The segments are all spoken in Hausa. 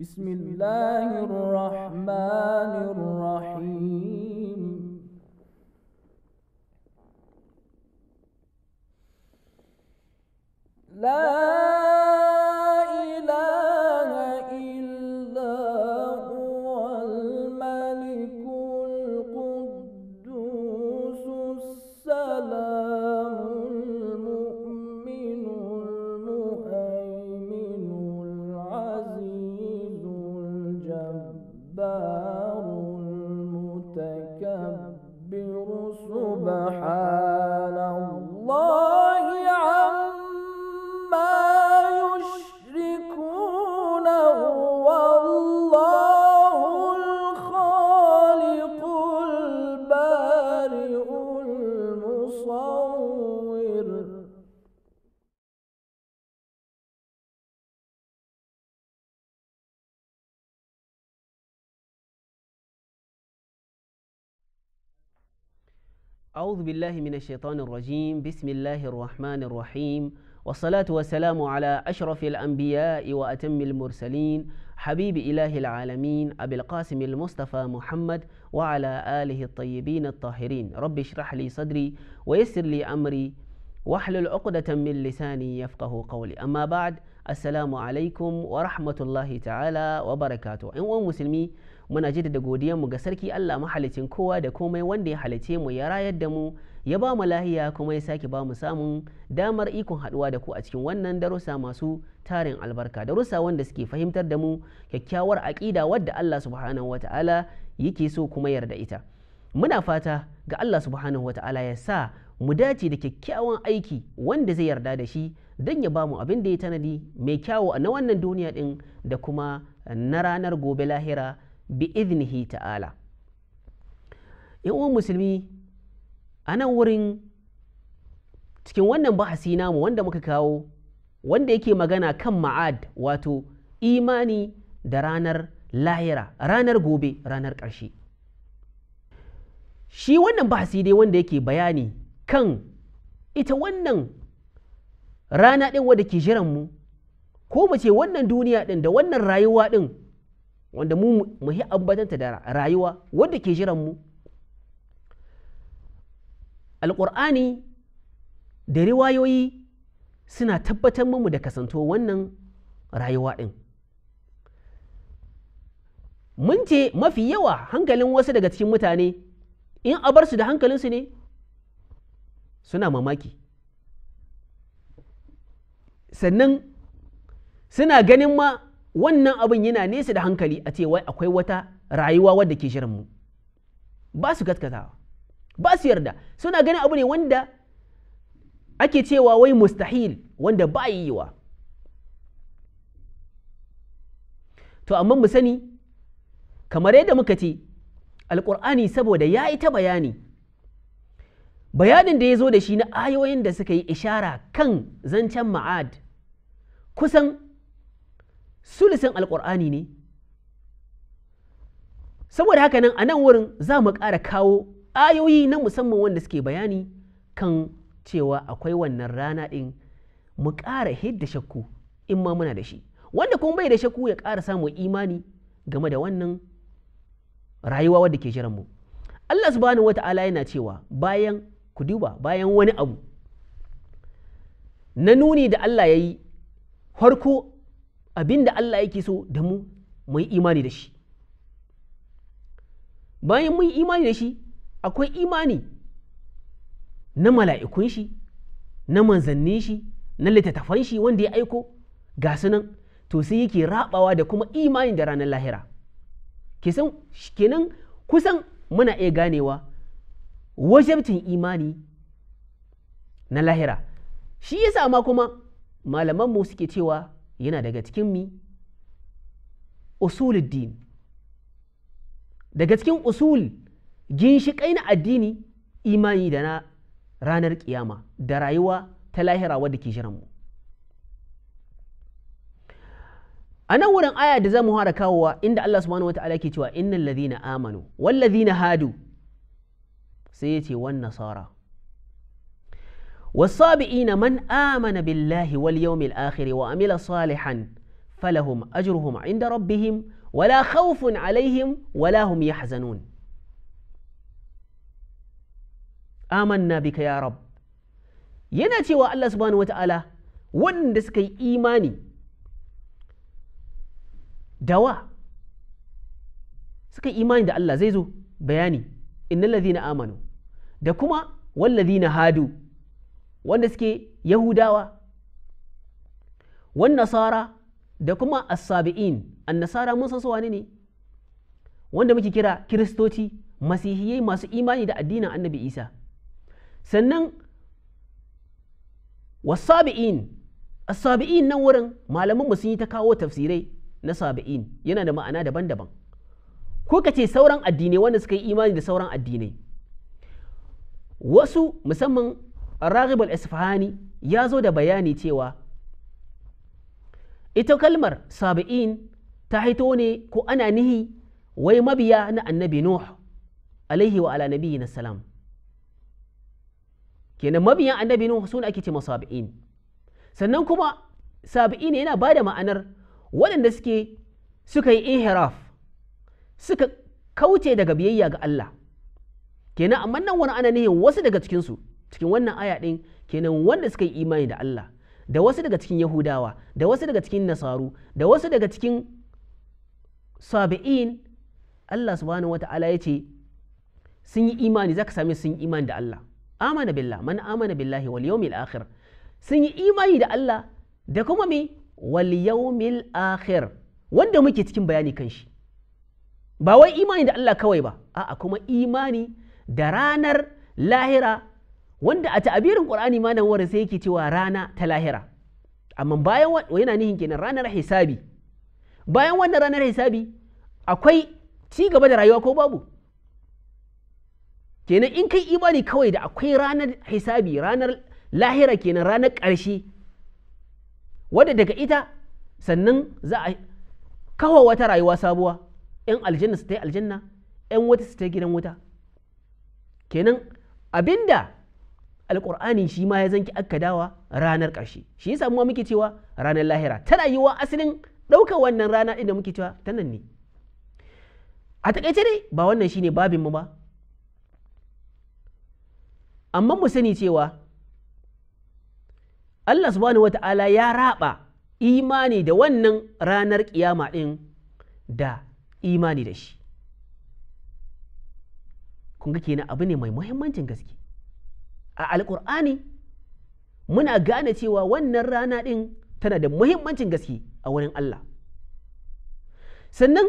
بسم الله الرحمن الرحيم لا Bye. أعوذ بالله من الشيطان الرجيم بسم الله الرحمن الرحيم والصلاة والسلام على أشرف الأنبياء وأتم المرسلين حبيب إله العالمين أبي القاسم المصطفى محمد وعلى آله الطيبين الطاهرين رب اشرح لي صدري ويسر لي أمري واحلل عقدة من لساني يفقه قولي أما بعد السلام عليكم ورحمة الله تعالى وبركاته إن مسلمي muna da godiyar mu ga sarki Allah mahalicin kowa da komai wanda ya halice mu ya rayar da mu ya ba mu lahiya kuma ya sake ba mu samun damar ikon haduwa da ku a cikin wannan darussa masu tarin albarka darussa wanda suke fahimtar da mu kyakkyawar aƙida wadda Allah subhanahu wata'ala yake so kuma yarda ita muna fata ga Allah subhanahu wata'ala ya sa mu dace da kyakkyawan aiki wanda zai yarda da shi don ya ba mu abin da ya tanadi mai kyawo na wannan duniya din da kuma na ranar gobe lahira bi idnihi ta'ala uwan musulmi a nan wurin cikin wannan bahasi namu wanda muka kawo wanda yake magana kan ma'ad wato imani da ranar lahira ranar gobe ranar ƙarshe shi wannan bahasi dai wanda yake bayani kan ita wannan rana ɗin wadda ke jiranmu ko mace wannan duniya ɗin da wannan rayuwa ɗin wanda mu mu muhi ambatanta da rayuwa wadda ke jiran mu alƙur'ani da riwayoyi suna tabbatar mu da kasanto wannan rayuwa ɗin mun ce mafi yawa hankalin wasu daga cikin mutane in a bar su da hankalinsu ne suna mamaki sannan suna ganin ma wannan abin yana nesa da hankali a ce wai akwai wata rayuwa wadda ke shirin mu ba su gaskatawa ba su yarda suna ganin abu ne wanda ake cewa wai mustahil wanda ba yi yiwa to amma mu sani kamar yadda muka ce alƙur'ani saboda ya yi ta bayani bayanin da ya zo da shi na ayoyin da suka yi ishara kan zancen ma'ad kusan sulisin alƙur'ani ne saboda haka nan a nan wurin za mu ƙara kawo ayoyi na musamman wanda suke bayani kan cewa akwai wannan rana ɗin mu ƙara hidda shakku in ma muna da shi wanda kuma bai da shakku ya ƙara samun imani game da wannan rayuwa wadda ke jiranmu Allah wata ala yana cewa bayan ku duba bayan wani abu na nuni da Allah ya yi farko abin da Allah yake so da mu mu imani da shi bayan mun imani da shi akwai imani na mala'ikun shi na manzannin shi na littattafan shi wanda ya aiko ga sunan to sai yake rabawa da kuma imani da ranar lahira kenan kusan muna iya ganewa wajabtin imani na lahira shi yasa ma kuma malamanmu suke cewa yana daga cikin mi daga cikin usul ginshiƙai na addini imani da na ranar ƙiyama da rayuwa ta lahira wadda ke mu a nan wurin aya da zamu fara kawowa inda Allah subhanahu wata'ala ke cewa innal ladhina amanu wal ladhina hadu sai ya ce wan nasara والصابئين من آمن بالله واليوم الآخر وعمل صالحا فلهم أجرهم عند ربهم ولا خوف عليهم ولا هم يحزنون آمنا بك يا رب يناتي الله سبحانه وتعالى وندسك إيماني دواء suka imani da Allah zai zo bayani innal ladhina amanu da kuma wal ladhina hadu wanda suke yahudawa wan nasara da kuma as an-nasara mun san su wane ne wanda muke kira kiristoci masihiyai masu imani da addinin annabi isa sannan wasabi'in as nan wurin malaman mu sun yi ta kawo tafsirai na sabi'in yana da ma'ana daban-daban ko ka sauran addinai wanda suka yi imani da sauran addinai wasu musamman raghib al-isfahani ya zo da bayani cewa ita kalmar sabin ta haito ne ko ana nihi wai mabiya na annabi nuh alaihi wa ala nabiyyi na salam kenan mabiyan annabi nuh suna ake ce sannan kuma sabi'in yana ba da ma'anar waɗanda suke suka yi inhiraf suka kauce daga biyayya ga Allah kenan amma nan wani ana nihin wasu daga cikinsu cikin wannan aya ɗin kenan wanda suka yi imani da Allah da wasu daga cikin Yahudawa da wasu daga cikin Nasaru da wasu daga cikin Sabi'in Allah subhanahu wata'ala ya ce sun yi imani zaka same sun yi imani da Allah amana billah man amana billahi wal yawmil akhir sun yi imani da Allah da kuma me wal yawmil akhir wanda muke cikin bayani kan shi ba wai imani da Allah kawai ba a'a kuma imani da ranar lahira wanda a ta'abirin qur'ani ma nan wara sai yake cewa rana ta lahira amma bayan yana nihin kenan ranar hisabi bayan wannan ranar hisabi akwai ci gaba da rayuwa ko babu kenan in kai imani kawai da akwai ranar hisabi ranar lahira kenan ranar karshe wadda daga ita sannan za a kawo wata rayuwa sabuwa 'yan aljanna su ta yi aljanna 'yan wata su ta gidan wuta kenan abinda alkur'ani shi ma ya zanki aka dawa ranar ƙarshe shi yasa mu muke cewa ranar lahira tana yiwa asalin ɗaukar wannan rana ɗin da muke cewa ta nan ne a taƙaice dai ba wannan shine babin mu ba amma mu sani cewa Allah subhanahu wata'ala ya raba imani da wannan ranar ƙiyama ɗin da imani da shi kun ga kenan abu ne mai muhimmancin gaske a alkur'ani muna gane cewa wannan rana ɗin tana da muhimmancin gaske a wurin Allah sannan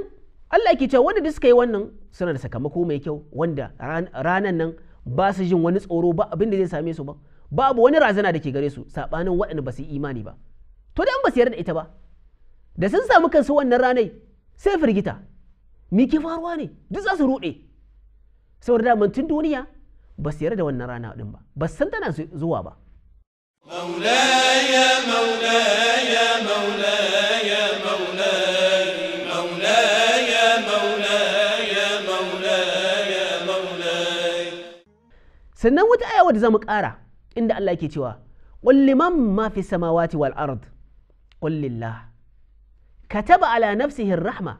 Allah ke cewa wanda da suka yi wannan suna da sakamako mai kyau wanda ranan nan ba su jin wani tsoro ba abin da zai same su ba babu wani razana da ke gare su saɓanin waɗanda ba su yi imani ba to da ba su yarda ita ba da sun samu kansu wannan ranai sai firgita me ke faruwa ne duk za su ruɗe saboda daman tun duniya بس يرد وانا رانا دم بس انت ناس زوابا مولاي مولاي مولاي مولاي مولاي مولاي مولاي مولاي سنوت ايه وتزامك ارى عند الله كيتوا قل لمن ما في السماوات والارض قل لله كتب على نفسه الرحمه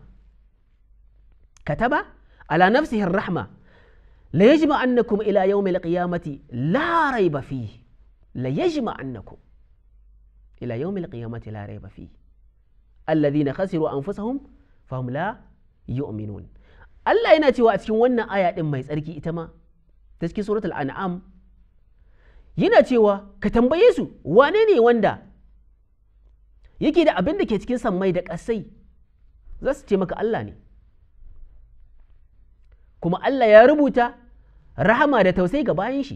كتب على نفسه الرحمه ليجمع أنكم إلى يوم القيامة لا ريب فيه ليجمع أنكم إلى يوم القيامة لا ريب فيه الذين خسروا أنفسهم فهم لا يؤمنون الله ينأتي وأتكم ونا آية إما يسألك إتما تسكي سورة الأنعام ينأتي وكتنب يسو وانيني واندا يكي دا أبندك يتكين سمايدك أسي زاستي مك اللاني kuma Allah ya rubuta rahama da tausayi ga bayan shi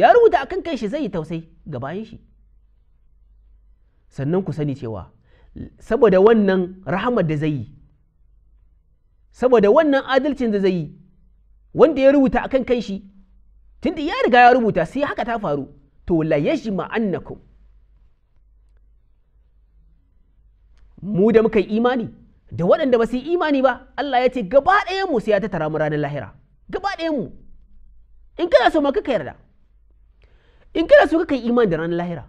ya rubuta akan kai shi zai yi tausayi ga bayan shi sannan ku sani cewa saboda wannan rahamar da zai yi saboda wannan adalcin da zai yi wanda ya rubuta akan kai shi tunda ya riga ya rubuta sai haka ta faru to la yajma annakum mu da muka yi imani da waɗanda ba su yi imani ba Allah ya ce gaba ɗayan mu sai ya tattara mu ranar lahira gaba ɗayan mu in kana so ma kaka yarda in kana so kaka yi imani da ranar lahira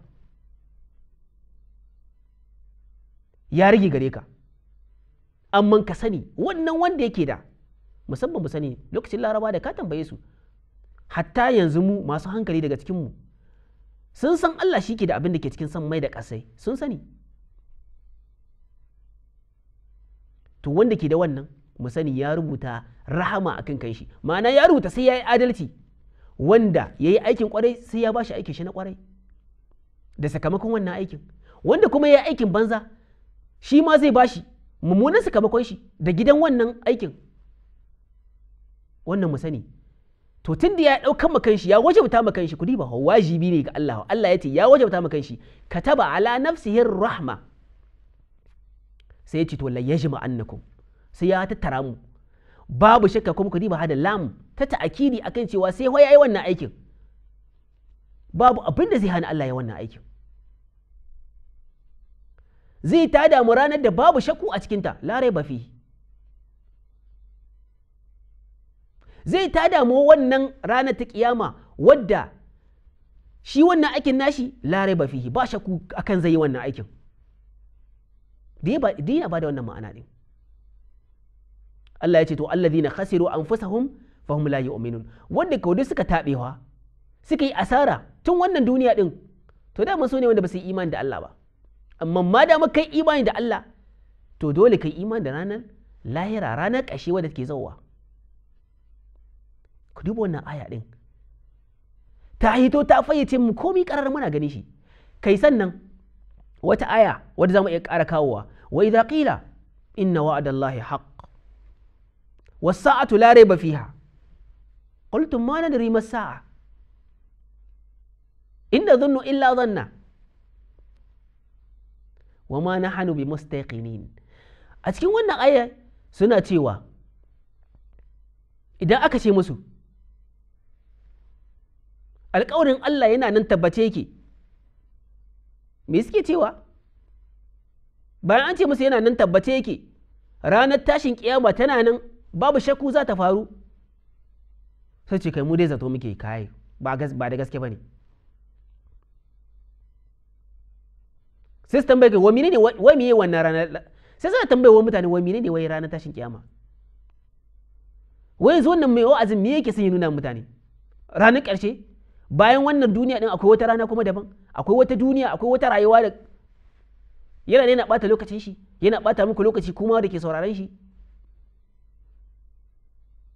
ya rage gare ka amma ka sani wannan wanda yake da musamman mu sani lokacin laraba da ka tambaye su hatta yanzu mu masu hankali daga cikin mu sun san Allah shi ke da abin da ke cikin san mai da kasai sun sani to wanda ke da wannan mu sani ya rubuta rahama akan kanshi ma'ana ya rubuta sai ya yi adalci wanda ya yi aikin kwarai sai ya bashi aikin shi na kwarai da sakamakon wannan aikin wanda kuma ya yi aikin banza shi ma zai bashi mummunan sakamakon shi da gidan wannan aikin wannan mu sani to tun da ya ɗaukan makan shi ya wajabta makan shi kudi ba wajibi ne ga Allah Allah ya ce ya wajabta makan shi kataba ala nafsihi rahma sai ya ce to la yajma annakum sai ya tattara mu babu shakka kuma ku diba hada lam ta ta'akidi akan cewa sai ya yi wannan aikin babu abin da zai hana Allah ya wannan aikin zai ta damu ranar da babu shakku a cikinta larai ba fi zai ta damu wannan ranar ta kiyama wadda shi wannan aikin nashi larai ba fi ba shakku akan zai yi wannan aikin dai ya bada wannan ma'ana din Allah ya ce to allazina khasiru anfusahum fahum la yu'minun wanda kawai suka tabewa suka yi asara tun wannan duniya din to dama su ne wanda ba su yi imani da Allah ba amma ma da yi imani da Allah to dole yi imani da ranar lahira ranar ƙashe wadda ke zauwa ku duba wannan aya din ta hito ta fayyace mu komi karar muna gani shi kai sannan wata aya wadda zama iya ƙara kawowa wa idza qila inna wa'adallahi haqq was sa'atu la rayba fiha qultum ma nadri ma sa'a inna dhunnu illa dhanna wa ma nahnu bi mustaqinin a cikin wannan aya suna cewa idan aka ce musu alƙawarin Allah yana nan tabbace yake me suke cewa bayan an ce musu yana nan tabbace yake ranar tashin kiyama tana nan babu shakku za ta faru sai ce kai mu dai zato muke kai ba da gaske ba ne sai su tambaye wa menene me meye wannan ranar sai suna tambaye wa mutane wa menene wai ranar tashin kiyama wai yanzu wannan mai wa'azin me yake son nuna mutane ranar ƙarshe bayan wannan duniya din akwai wata rana kuma daban akwai wata duniya akwai wata rayuwa da yana ne na bata lokacin shi yana bata muku lokaci kuma da ke sauraron shi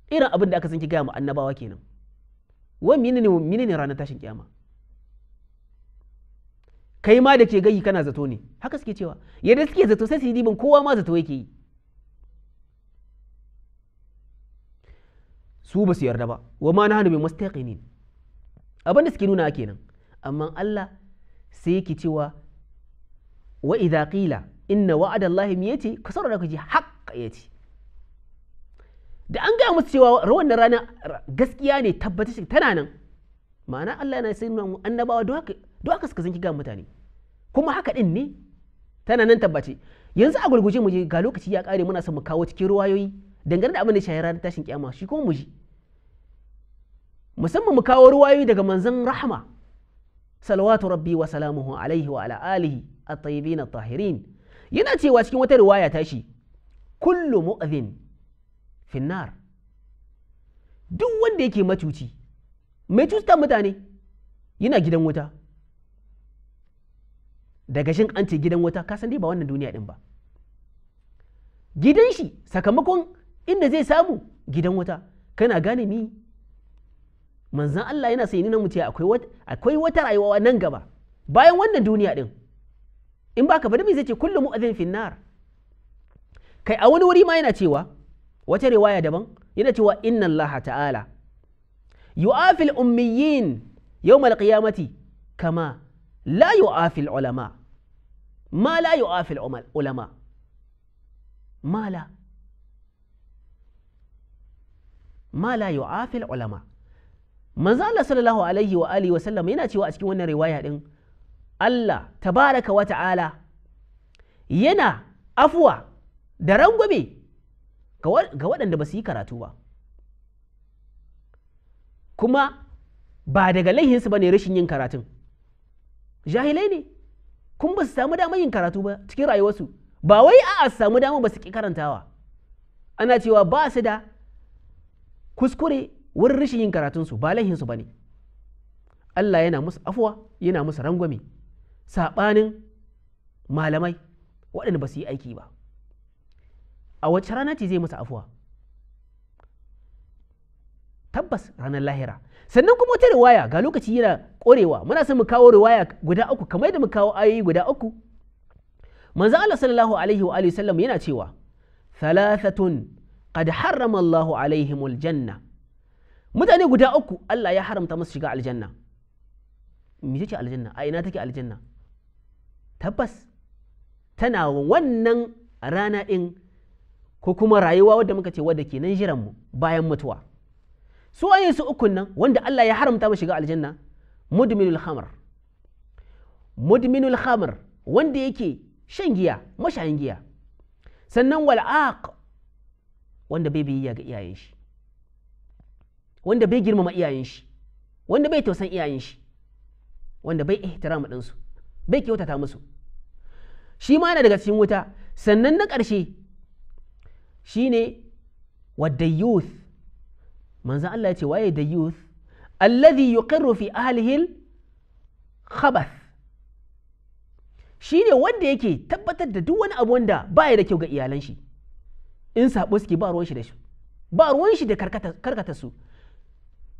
irin abin da aka san ki gaya mu annabawa kenan wai mini ne ranar tashin kiyama kai ma da ke gayi kana zato ne haka suke cewa yadda suke zato sai su yi diban kowa ma zato yake yi su ba su yarda ba wa ma nahnu mastaƙi ne. abin da suke nuna kenan amma Allah sai yake cewa wa idza qila inna wa'adallahi me yace kasara da ku ji haqq yace da an gaya musu cewa rawan rana gaskiya ne shi tana nan ma'ana Allah yana sai mu annabawa don haka don haka suka zanki ga mutane kuma haka din ne tana nan tabbace yanzu a gurguje mu je ga lokaci ya kare muna son mu kawo cikin ruwayoyi dangane da abin da shahara tashin kiyama shi kuma mu ji musamman mu kawo ruwayoyi daga manzon rahma salawatu rabbi wa salamuhu alaihi wa ala alihi at-tayyibin at-tahirin yana cewa cikin wata riwaya tashi kullu mu'dhin finnar duk wanda yake macuci mai cutar mutane yana gidan wuta daga shin an ce gidan wuta ka san dai ba wannan duniya din ba gidan shi sakamakon inda zai samu gidan wuta kana gane mi manzan Allah yana sai nuna mutu akwai wata akwai wata rayuwa nan gaba bayan wannan duniya din in baka bari mai zai ce kullu mu'adhin finnar kai a wani wuri ma yana cewa wata riwaya daban yana cewa inna Allah ta'ala yu'afi al ummiyin yawm al qiyamati kama la yu'afi al ulama ma ما لا يعافي العلماء ما لا ما لا يعافي العلماء manzo Allah sallallahu alaihi wa alihi wa sallam yana cewa a cikin wannan riwaya din Allah tabaraka wa ta'ala yana afuwa da rangwame ga waɗanda ba su yi karatu ba kuma ba daga laihinsu ba ne rashin yin karatun jahilai ne kun ba su samu damar yin karatu ba cikin rayuwarsu ba wai a su samu damar ba su ki karantawa ana cewa ba su da kuskure wurin rashin yin karatunsu ba laihinsu ba ne Allah yana musu afuwa yana musu rangwame saɓanin malamai waɗanda ba su yi aiki ba a wace rana ce zai musu afuwa tabbas ranar lahira sannan kuma wata riwaya ga lokaci yana ƙorewa muna son mu kawo riwaya guda uku kamar yadda mu kawo ayoyi guda uku manzo Allah sallallahu alaihi wa alihi sallam yana cewa thalathatun qad harrama Allahu alaihimul janna mutane guda uku Allah ya haramta musu shiga aljanna me ce aljanna a ina take aljanna tabbas tana wannan rana ɗin ko kuma rayuwa wadda muka ce wadda ke nan jiran mu bayan mutuwa su an su ukun nan wanda Allah ya haramta mu shiga aljanna mudminul khamr mudminul khamr wanda yake shan giya mashayin giya sannan wal'aq wanda bai biyayya ga iyayen shi wanda bai girmama iyayen shi wanda bai tausan iyayen shi wanda bai ihtirama ɗansu bai kyautata musu shi ma yana daga cikin wuta sannan na ƙarshe shine wadda youth manzo Allah ya ce waye da youth alladhi yuqirru fi ahlihi khabath shine wanda yake tabbatar da duk wani abu wanda ba ya da kyau ga iyalan shi in sabo suke ba ruwan shi da shi ba ruwan shi da karkata su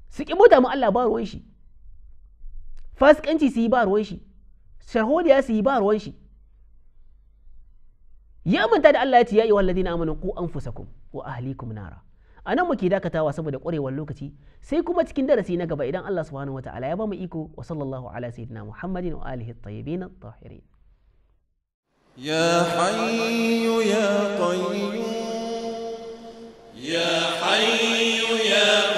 سكي موتا ما الله بار وانشي فاسك انتي سي بار وانشي يا سي بار وانشي يا من تاد الله يتي يا أيها الذين آمنوا قو أنفسكم وأهليكم نارا أنا مكي داك تاوى سمد قري واللوكتي سيكم تكين درسي نقبا إدان الله سبحانه وتعالى يبام إيكو وصلى الله على سيدنا محمد وآله الطيبين الطاهرين يا حي يا قيوم يا حي يا قيوم